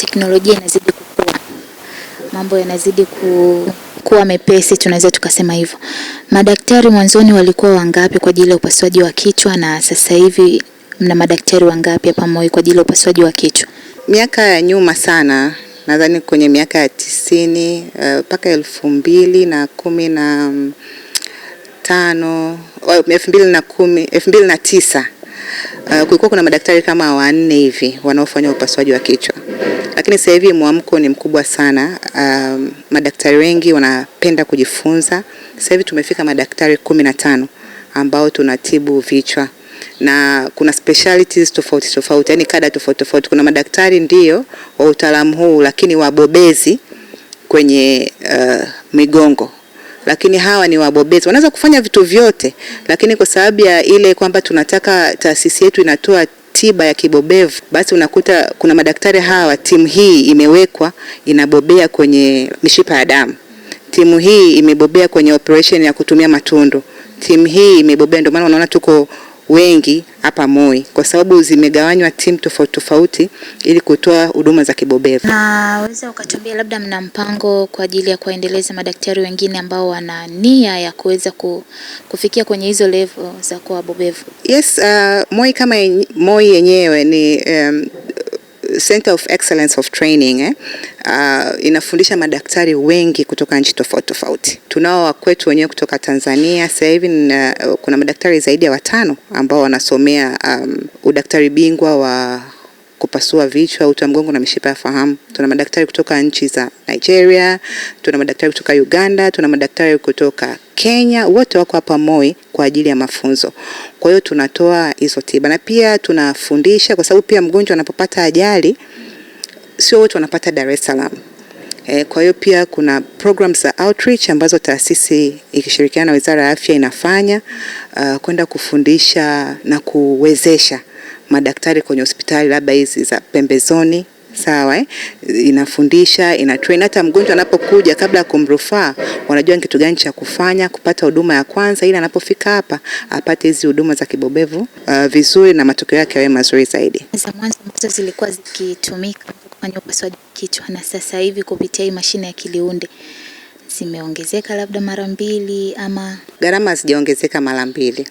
teknolojia inazidi kukua, mambo yanazidi ku, kuwa mepesi, tunaweza tukasema hivyo. Madaktari mwanzoni walikuwa wangapi kwa ajili ya upasuaji wa kichwa, na sasa hivi mna madaktari wangapi hapa MOI kwa ajili ya upasuaji wa kichwa? Miaka ya nyuma sana, nadhani kwenye miaka ya tisini eh, mpaka uh, elfu mbili na kumi na mm, tano oh, elfu mbili na kumi elfu mbili na tisa Uh, kulikuwa kuna madaktari kama wanne hivi wanaofanya upasuaji wa kichwa, lakini sasa hivi mwamko ni mkubwa sana. Uh, madaktari wengi wanapenda kujifunza. Sasa hivi tumefika madaktari kumi na tano ambao tunatibu vichwa na kuna specialties tofauti tofauti, yani kada tofauti tofauti. Kuna madaktari ndiyo wa utaalamu huu, lakini wabobezi kwenye uh, migongo lakini hawa ni wabobezi, wanaweza kufanya vitu vyote, lakini kwa sababu ya ile kwamba tunataka taasisi yetu inatoa tiba ya kibobevu, basi unakuta kuna madaktari hawa, timu hii imewekwa inabobea kwenye mishipa ya damu, timu hii imebobea kwenye operation ya kutumia matundu, timu hii imebobea, ndio maana unaona tuko wengi hapa Moi kwa sababu zimegawanywa timu tofauti tofauti ili kutoa huduma za kibobevu. waweza ukatuambia labda mna mpango kwa ajili ya kuwaendeleza madaktari wengine ambao wana nia ya kuweza kufikia kwenye hizo level za kuwa bobevu? Yes, uh, Moi kama Moi yenyewe ni um, Center of Excellence of Training eh, uh, inafundisha madaktari wengi kutoka nchi tofauti tofauti. Tunao wakwetu wenyewe kutoka Tanzania sasa hivi uh, kuna madaktari zaidi ya watano ambao wanasomea um, udaktari bingwa wa kupasua vichwa, uti wa mgongo na mishipa ya fahamu. Tuna madaktari kutoka nchi za Nigeria, tuna madaktari kutoka Uganda, tuna madaktari kutoka Kenya, wote wako hapa Moi kwa ajili ya mafunzo. Kwa hiyo tunatoa hizo tiba na pia tunafundisha, kwa sababu pia mgonjwa anapopata ajali sio wote wanapata Dar es Salaam. E, kwa hiyo pia kuna programs za outreach ambazo taasisi ikishirikiana na Wizara ya Afya inafanya uh, kwenda kufundisha na kuwezesha madaktari kwenye hospitali labda hizi za pembezoni Sawa eh? Inafundisha, ina train hata mgonjwa anapokuja, kabla ya kumrufaa, wanajua ni kitu gani cha kufanya kupata huduma ya kwanza, ili anapofika hapa apate hizi huduma za kibobevu uh, vizuri na matokeo yake yawe mazuri zaidi. Za mwanzo ambazo zilikuwa zikitumika kufanya upasuaji kichwa, na sasa hivi kupitia hii mashine ya Kiliunde zimeongezeka labda mara mbili ama gharama hazijaongezeka mara mbili,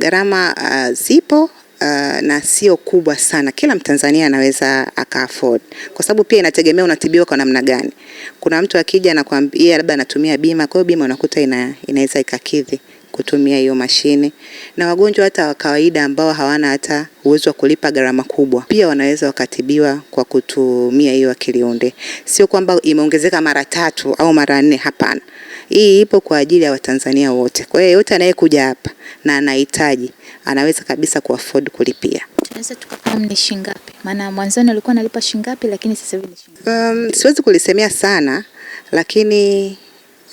gharama uh, zipo uh, na sio kubwa sana, kila Mtanzania anaweza aka afford, kwa sababu pia inategemea unatibiwa kwa namna gani. Kuna mtu akija anakwambia labda anatumia bima, kwa hiyo bima unakuta ina, inaweza ikakidhi kutumia hiyo mashine, na wagonjwa hata wa kawaida ambao hawana hata uwezo wa kulipa gharama kubwa pia wanaweza wakatibiwa kwa kutumia hiyo akiliunde Sio kwamba imeongezeka mara tatu au mara nne, hapana. Hii ipo kwa ajili ya Watanzania wote. Kwa hiyo yeyote anayekuja hapa na anahitaji anaweza kabisa ku afford kulipia. Tunaweza tukafahamu ni shilingi ngapi? Maana mwanzoni alikuwa analipa shilingi ngapi lakini sasa hivi ni shilingi. Um, siwezi kulisemea sana lakini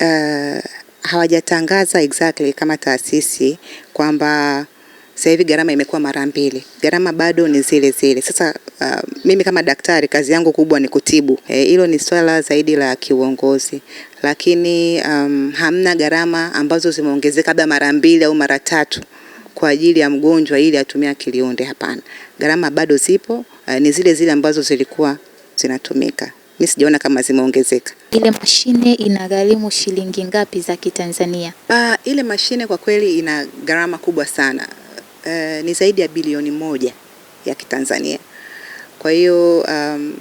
uh, hawajatangaza exactly kama taasisi kwamba sasa hivi gharama imekuwa mara mbili, gharama bado ni zile zile. Sasa uh, mimi kama daktari kazi yangu kubwa ni kutibu, eh, hilo e, ni swala zaidi la kiuongozi, lakini um, hamna gharama ambazo zimeongezeka labda mara mbili au mara tatu kwa ajili ya mgonjwa ili atumie akiliunde. Hapana, gharama bado zipo, uh, ni zile zile ambazo zilikuwa zinatumika. Mimi sijaona kama zimeongezeka. Ile mashine inagharimu shilingi ngapi za Kitanzania? Uh, ile mashine kwa kweli ina gharama kubwa sana Eh, ni zaidi ya bilioni moja ya Kitanzania. Kwa hiyo um,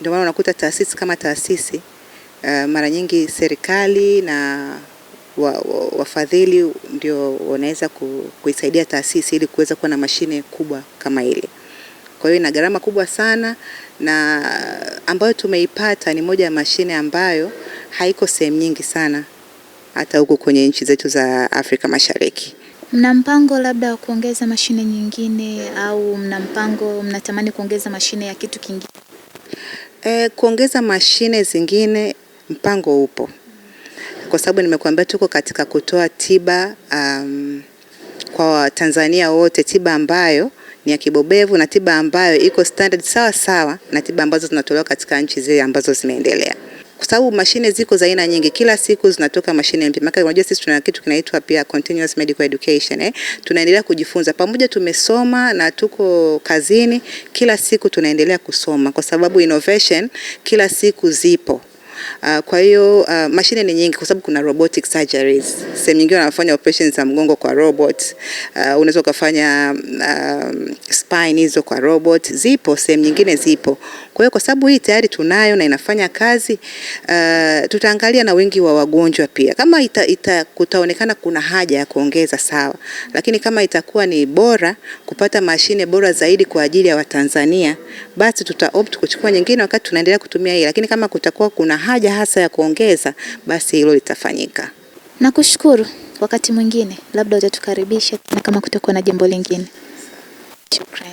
ndio maana unakuta taasisi kama taasisi uh, mara nyingi serikali na wafadhili wa, wa ndio wanaweza ku, kuisaidia taasisi ili kuweza kuwa na mashine kubwa kama ile. Kwa hiyo ina gharama kubwa sana, na ambayo tumeipata ni moja ya mashine ambayo haiko sehemu nyingi sana hata huko kwenye nchi zetu za Afrika Mashariki. Mna mpango labda wa kuongeza mashine nyingine au mna mpango mnatamani kuongeza mashine ya kitu kingine? E, kuongeza mashine zingine mpango upo, kwa sababu nimekuambia tuko katika kutoa tiba um, kwa Watanzania wote, tiba ambayo ni ya kibobevu na tiba ambayo iko standard sawa sawa na tiba ambazo zinatolewa katika nchi zile ambazo zimeendelea kwa sababu mashine ziko za aina nyingi, kila siku zinatoka mashine mpya. Maana unajua sisi tuna kitu kinaitwa pia continuous medical education eh, tunaendelea kujifunza pamoja. Tumesoma na tuko kazini, kila siku tunaendelea kusoma kwa sababu innovation kila siku zipo. Uh, kwa hiyo uh, ah, mashine ni nyingi kwa sababu kuna robotic surgeries. Sehemu nyingine wanafanya operations za mgongo kwa robot. Uh, unaweza ukafanya uh, spine hizo kwa robot. Zipo sehemu nyingine zipo. Kwa hiyo kwa sababu hii tayari tunayo na inafanya kazi uh, tutaangalia na wingi wa wagonjwa pia. Kama ita, ita, kutaonekana kuna haja ya kuongeza sawa, lakini kama itakuwa ni bora kupata mashine bora zaidi kwa ajili ya Watanzania, basi tuta opt kuchukua nyingine wakati tunaendelea kutumia hii, lakini kama kutakuwa kuna haja hasa ya kuongeza, basi hilo litafanyika. Nakushukuru. Wakati mwingine labda utatukaribisha kama kutakuwa na jambo lingine. Shukrani.